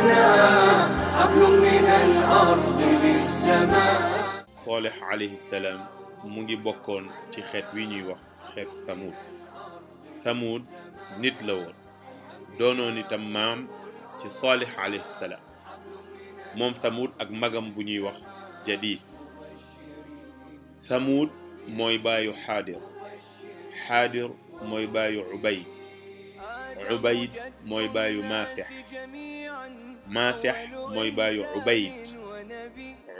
لنا حبل من الأرض للسماء mu ngi bokkoon ci xeet wi ñuy wax xeetu Thamud Thamud nit la woon doonoon itam maam ci Salih alayhi salaam moom Thamud ak magam bu ñuy wax Jadis Thamud mooy baayu Xaadir Xaadir mooy baayu Ubay ubayd mooy baayu maasex maasex mooy baayu ubayd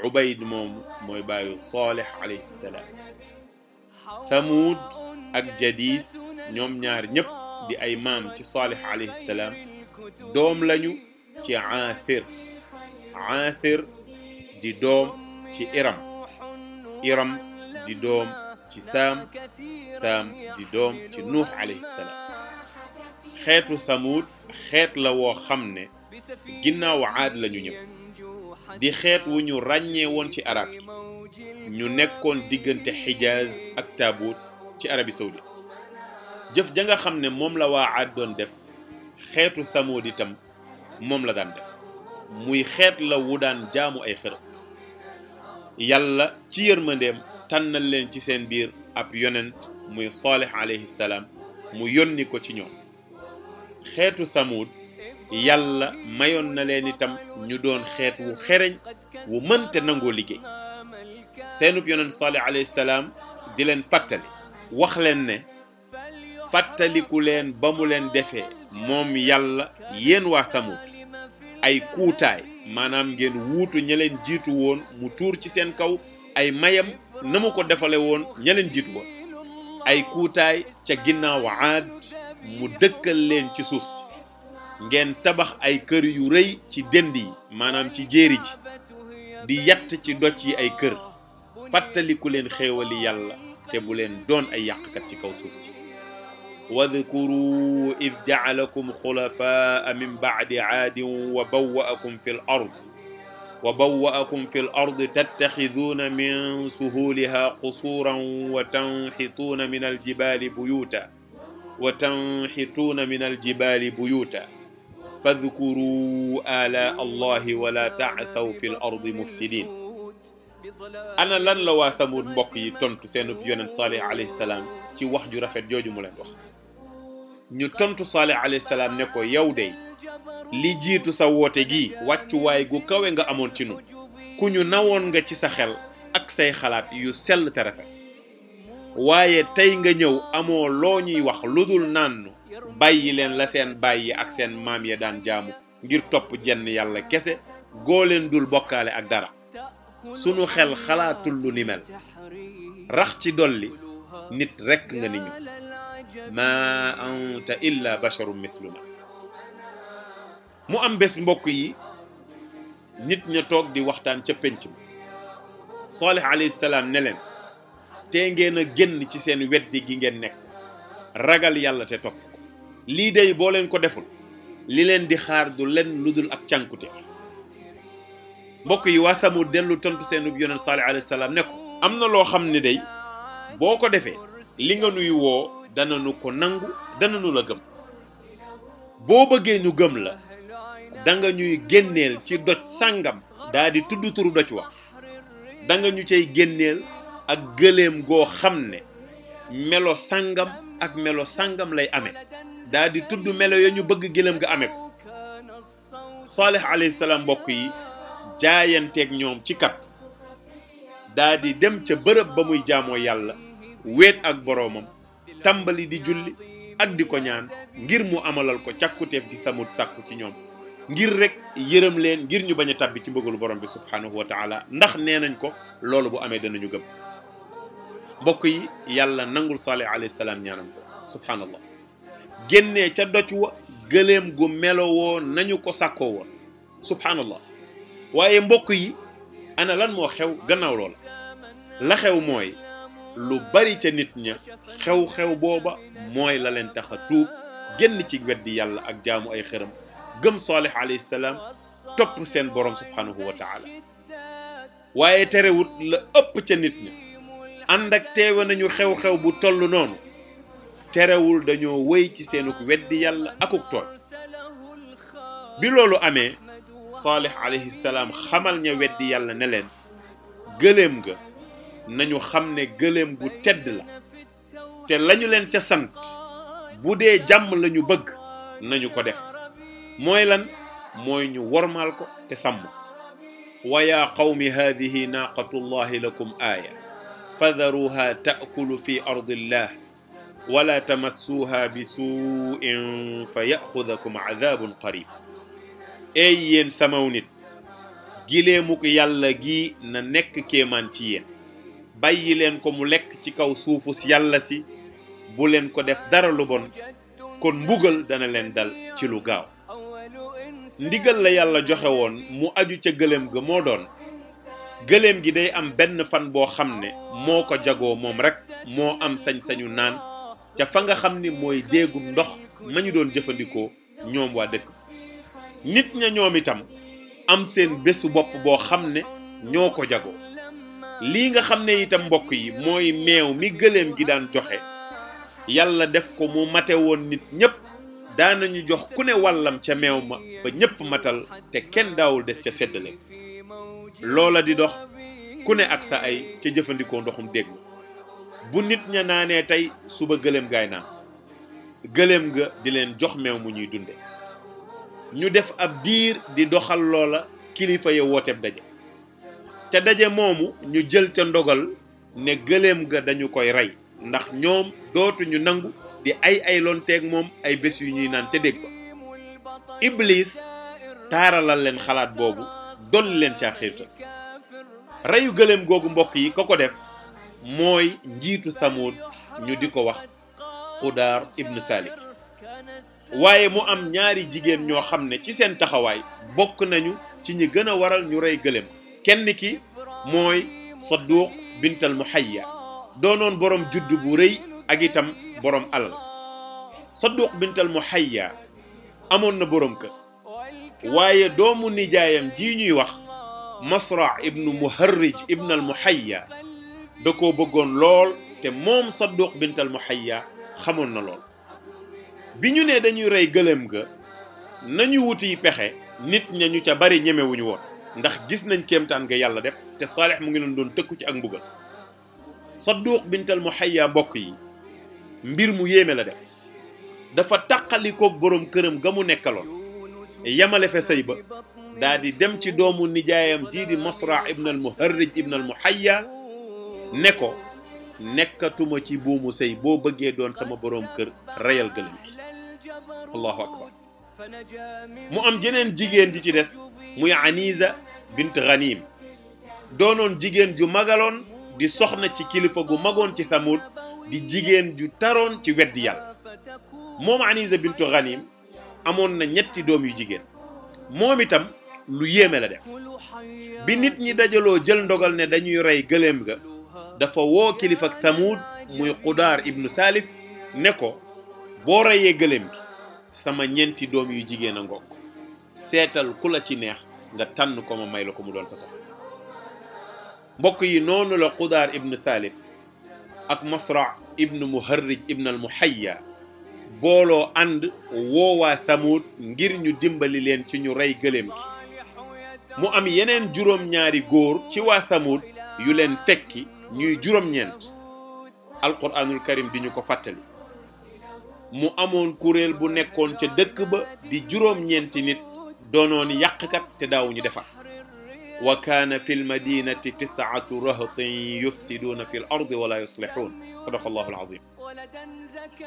ubayd moomu mooy baayu soolex alayhi salaam thamuud ak jadis ñoom ñaar ñëpp di ay maam ci soolex alayhi salaam doom lañu ci aathir aathir di doom ci iram iram di doom ci saam saam di doom ci nuux alayhi salaam xeetu thamud xeet la woo xam ne ginnaaw aad lañu ñëw di xeet wu ñu ràññee woon ci arab ñu nekkoon diggante xijaaz ak taabut ci arabi saudi jëf ja nga xam ne moom la waa aad doon def xeetu thamud itam moom la daan def muy xeet la wu daan jaamu ay xërëm yàlla ci yërmandeem tànnal leen ci seen biir ab yonent muy saalix alayhi salaam mu yónni ko ci ñoom xeetu thamud yàlla mayoon na leen itam ñu doon xeet wu xereñ wu mënte nangoo liggéey seenub yonent Salih alayhi salaam di leen fàttali wax leen ne fàttaliku leen ba mu leen defee moom yàlla yéen waa thamud ay kuutaay maanaam ngeen wuutu ña jiitu woon mu tuur ci seen kaw ay mayam na mu ko defale woon ña leen jiitu woon ay kuutaay ca ginnaaw aad mu dëkkal leen ci suuf si ngeen tabax ay kër yu rëy ci dënd yi maanaam ci jéeri ji di yatt ci doj yi ay kër fàttaliku leen xéewali yàlla te bu leen doon ay yàqkat ci kaw suuf si wadkuru id jacalakum xulafaa min bacdi caadin wa bawwa'akum fi l ard wa bawwa'akum fi l ard tattaxiduuna min suhuuliha qusuuran wa tanxituuna min aljibaali buyuuta wa tanhituuna min aljibaali buyuta fadhkuruu ala allahi wala taathaw fi l ardi mufsidin ana lan la waa Samud mbokk yi tontu seen yonent Salih alayhi salaam ci wax ju rafet jooju mu leen wax ñu tontu Salih alayhi salaam ne ko yow de li jiitu sa woote gi wàccuwaay gu kawe nga amoon ci nu ku ñu nawoon nga ci sa xel ak say xalaat yu sell te rafet waaye tey nga ñëw amoo loo ñuy wax lu dul naan bàyyi leen la seen bàyyi ak seen maam ya daan jaamu ngir topp jenn yàlla kese goo leen dul bokkaale ak dara sunu xel xalaatul lu ni mel rax ci dolli nit rekk nga ni ñu ma anta illa basharun mithluna mu am bés mbokk yi nit ña toog di waxtaan ca pénc ma Salih alayhi salaam neleen tee ngeen a génn ci seen weddi gi ngeen nekk ragal yàlla te topp ko lii dey boo leen ko deful li leen di xaar du leen lu dul ak cànkuteef mbokk yi waa Samud dellu tontu seen yonent Saalih alayhi salaam ne ko am na loo xam ne day boo ko defee li nga nuy woo dana nu ko nangu dana nu la gëm boo bëggee ñu gëm la danga ñuy génneel ci doj sàngam daa tudd turu doj wa danga ñu cay génneel ak gëléem goo xam ne melo sàngam ak melo sàngam lay ame daldi tudd melo ya ñu bëgg gëléem ga amee ko Salih alayhi salaam mbokk yi jaayanteeg ñoom ci kat daa dem ca bërëb ba muy jaamoo yàlla wéet ak boroomam tàmbali di julli ak di ko ñaan ngir mu amalal ko càkkuteef gi samut sàkku ci ñoom ngir rekk yërëm leen ngir ñu bañ a tàbbi ci mbëgalu borom bi subhaanahu wa ndax nee nañ ko loolu bu amee danañu gëm mbokk yi yàlla nangul Salih alayhi salaam ñaanam ko subhanallah génnee ca doj wa gëléem gu melowoo nañu ko sàkkoo woon subhanallah waaye mbokk yi ana lan moo xew gannaaw loola la xew mooy lu bari ca nit ña xew-xew booba mooy la leen taxa a tuub génn ci weddi yàlla ak jaamu ay xërëm gëm Salih alayhi salaam topp seen boroom subhanahu wa taala waaye terewut la ëpp ca nit ña ànd ak teewe nañu xew-xew bu toll noonu terewul dañoo wéy ci seenuk weddi yàlla akuk tooñ bi loolu amee saalih alayhi salaam xamal ña weddi yàlla ne leen gëléem ga nañu xam ne gëléem gu tedd la te lañu leen ca sant bu dee jàmm lañu bëgg nañu ko def mooy lan mooy ñu wormal ko te sàmm wa yaa qawmi haadihi naaqatu llahi lakum aaya fadaruha taakulu fi ardillah wala tamassuha bi suin fa yaxudakum adabun qarib ey yéen samaw nit gileemuk yàlla gi na nekk kéemaan ci yéen bàyyi leen ko mu lekk ci kaw suufus yàlla si bu leen ko def dara lu bon kon mbugal dana leen dal ci lu gaaw ndigal la yàlla joxe woon mu aju ca gëléem ga moo doon gëléem gi day am benn fan boo xam ne moo ko jagoo moom rek moo am sañ-sañu naan ca fa nga xam ni mooy déegum ndox ma ñu doon jëfandikoo ñoom waa dëkk nit ña ñoom itam am seen bésu bopp boo xam ne ñoo ko jago lii nga xam ne itam mbokk yi mooy meew mi gëléem gi daan joxe yàlla def ko mu mate woon nit ñépp daanañu jox ku ne wàllam ca meew ma ba ñépp matal te kenn daawul des ca seddale loola di dox ku ne ak sa ay ca jëfandikoo ndoxum dégg bu nit ña naanee tey suba gëléem gaay naan gëléem ga di leen jox meew mu ñuy dunde ñu def ab diir di doxal loola kilifa ya wooteeb daje ca daje moomu ñu jël ca ndogal ne gëléem ga dañu koy rey ndax ñoom dootuñu nangu di ay ay lonteeg moom ay bés yu ñuy naan ca dégg ba iblis taaralal leen xalaat boobu dolli leen caa xiirtal reyu gëléem googu mbokk yi ko ko def mooy njiitu Samuud ñu di ko wax Qudaar ibn Salif waaye mu am ñaari jigéen ñoo xam ne ci seen taxawaay bokk nañu ci ñi gën a waral ñu rey gëléem kenn ki mooy Sadduq bintal mu Muhayya doonoon boroom judd bu rëy ak itam borom alal Sadduq bintal Muhayya amoon na borom kër waaye doomu nijaayam ji ñuy wax masra ibnu muharrij ibn al muhayya da ko bëggoon lool te moom sadduq bint al muhayya xamoon na lool bi ñu ne dañuy rey gëléem ga nañu wuti pexe nit ña ñu ca bari ñemewuñu woon ndax gis nañ kéemtaan nga yàlla def te saalix mu ngi loon doon tëkku ci ak mbugal sadduq bint al muhayya mbokk yi mbir mu yéeme la def dafa taqalikoog boroom këram ga mu nekkaloon yamale fe say ba daa di dem ci doomu nijaayam jii di masra ibn al muharrij ibn al muhayya ne ko nekkatuma ci buumu sëy boo bëggee doon sama boroom kër reyal gëlëm gi akbar mu am jeneen jigéen ji ci des muy anisa bint ghanim doonoon jigéen ju magaloon di soxna ci kilifa gu magoon ci samud di jigéen ju taroon ci weddi yàlla moom anisa bint ghanim amoon na ñetti doom yu jigéen moom itam lu yéeme la def bi nit ñi dajaloo jël ndogal ne dañuy rey gëléem ga dafa woo kilifa ak muy Qudaar ibnu saalif ne ko boo reyee gëléem gi sama ñeenti doom yu jigéen a ngoog seetal ku la ci neex nga tànn ko ma may la ko mu doon sa mbokk yi noonu la Qudaar ibnu Salif ak Masra ibnu Muharrij ibnu al Muhayya booloo ànd woowaa Thamud ngir ñu dimbali leen ci ñu rey gëléem gi mu am yeneen juróom-ñaari góor ci waa Thamud yu leen fekki ñuy juróom-ñeent alquranul karim bi ñu ko fàttali mu amoon kuréel bu nekkoon ca dëkk ba di juróom-ñeenti nit doonoon yàqkat te daaw ñu defar wa kaana fi lmadinati tisaatu rahatin yufsiduuna fi l ardi wala yuslixuun sadaqa allahu alazim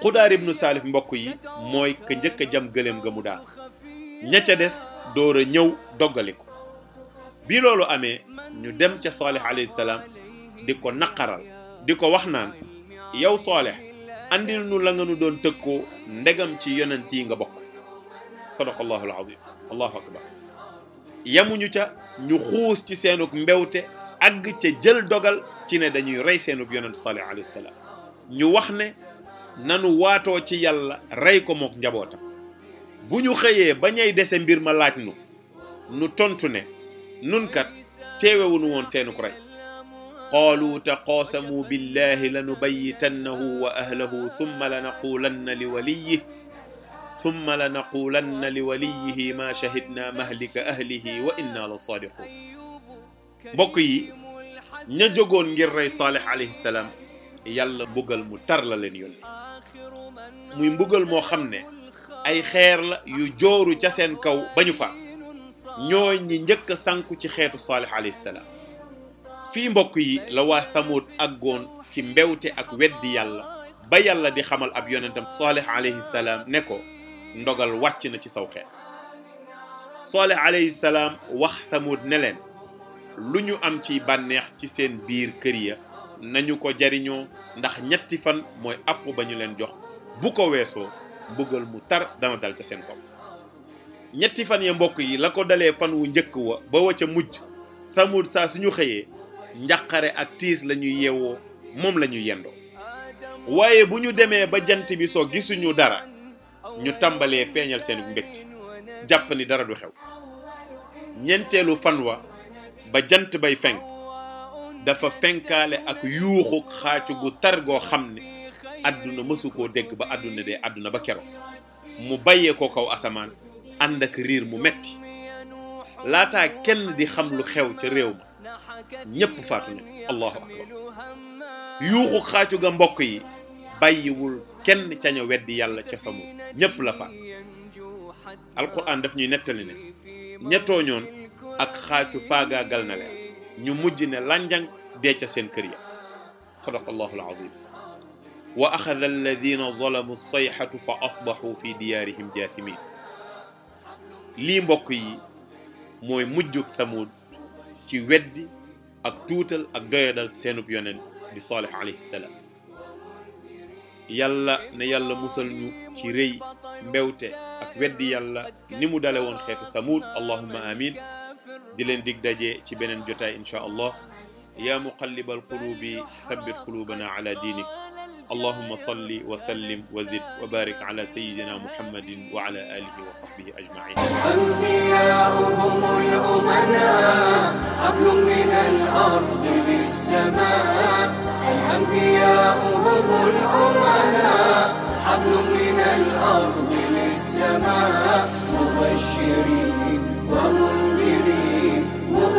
xudaar ibnu saalif mbokk yi mooy ka njëkk a jam gëléem ga mu daan ña ca des door a ñëw doggale ko bi loolu amee ñu dem ca saalih alayhi salaam ko naqaral di ko wax naan yow saalih andil nu la nga nu doon tëkkoo ndegam ci yonent yi nga bokk sadaqallahu alazim allahu yamuñu ca ñu xuus ci seenug mbewte àgg ca jël dogal ci ne dañuy rey seenug yonent saalih alayhi salaam ñu wax ne nanu waatoo ci yàlla rey ko mook njabootam bu ñu xëyee ba ñay dese mbir ma laaj nu nu tontu ne nun kat teewewunu woon seenu ko rey qaalu taqaasamuu billahi lanubayitannahu wa ahlahu thumma lanaqulanna li waliyih thumma lanaqulanna li waliyihi ma shahidna mahlika ahlihi wa inna la saadiqun mbokk yi ña jógoon ngir rey saalih alayhi salaam yàlla mbugal mu tar la leen yónni muy mbugal moo xam ne ay xeer la yu jooru ca seen kaw ba ñu faatu ñoo ñi njëkk a sànku ci xeetu saalih alayhi salaam fii mbokk yi la waa Thamud àggoon ci mbewte ak weddi yàlla ba yàlla di xamal ab yonentam saalih alayhi salaam ne ko ndogal wàcc na ci saw xeet saalih alayhi salaam wax Thamud ne leen lu ñu am ci bànneex ci seen biir kër ya nañu ko jariñoo ndax ñetti fan mooy àpp ba ñu leen jox bu ko weesoo mbugal mu tar dana dal ca seen kaw ñetti fan ya mbokk yi la ko dalee fan wu njëkk wa ba wa ca mujj sa samut saa suñu xëyee njàqare ak tiis la ñuy yeewoo moom la ñu yendoo waaye bu ñu demee ba jant bi soo gisuñu dara ñu tàmbalee feeñal seen mbégte jàpp ni dara du xew ñeenteelu fan wa ba jant bay fenk dafa fenkaale ak yuuxu xaacu gu tar goo xam ne àdduna mësu koo dégg ba adduna dee àdduna ba keroog mu bàyyee ko kow asamaan ànd ak riir mu metti laataa kenn di xam lu xew ca réew ma ñépp faatu na allahu akbar yuuxu xaacu ga mbokk yi bàyyiwul kenn caño weddi yàlla ca samu ñépp la faat alquran daf ñuy nettali ne ñettooñoon ak xaacu faagaagal na leen ñu mujj ne lanjang dee ca seen kër ya sadaqallahu alazim wa axada alladina zalamu sayxatu fa asbaxu fi diyaarihim jaathimin lii mbokk yi mooy mujj Samuud ci weddi ak tuutal ak doyadal seenub yonent di Saalix alayhi salaam yàlla na yàlla musal ñu ci rëy mbewte ak weddi yàlla ni mu dale woon xeetu Samuud allahumma amin di leen dig daje ci beneen jotaay incha allah yaa muqallibal quluubi thabbit quluubana ala diinik allahumma salli wa sallim wa zid wa barik ala sayyidina muhammadin wa ala alihi wa sahbihi ajma'in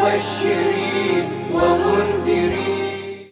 وبشر ومنذر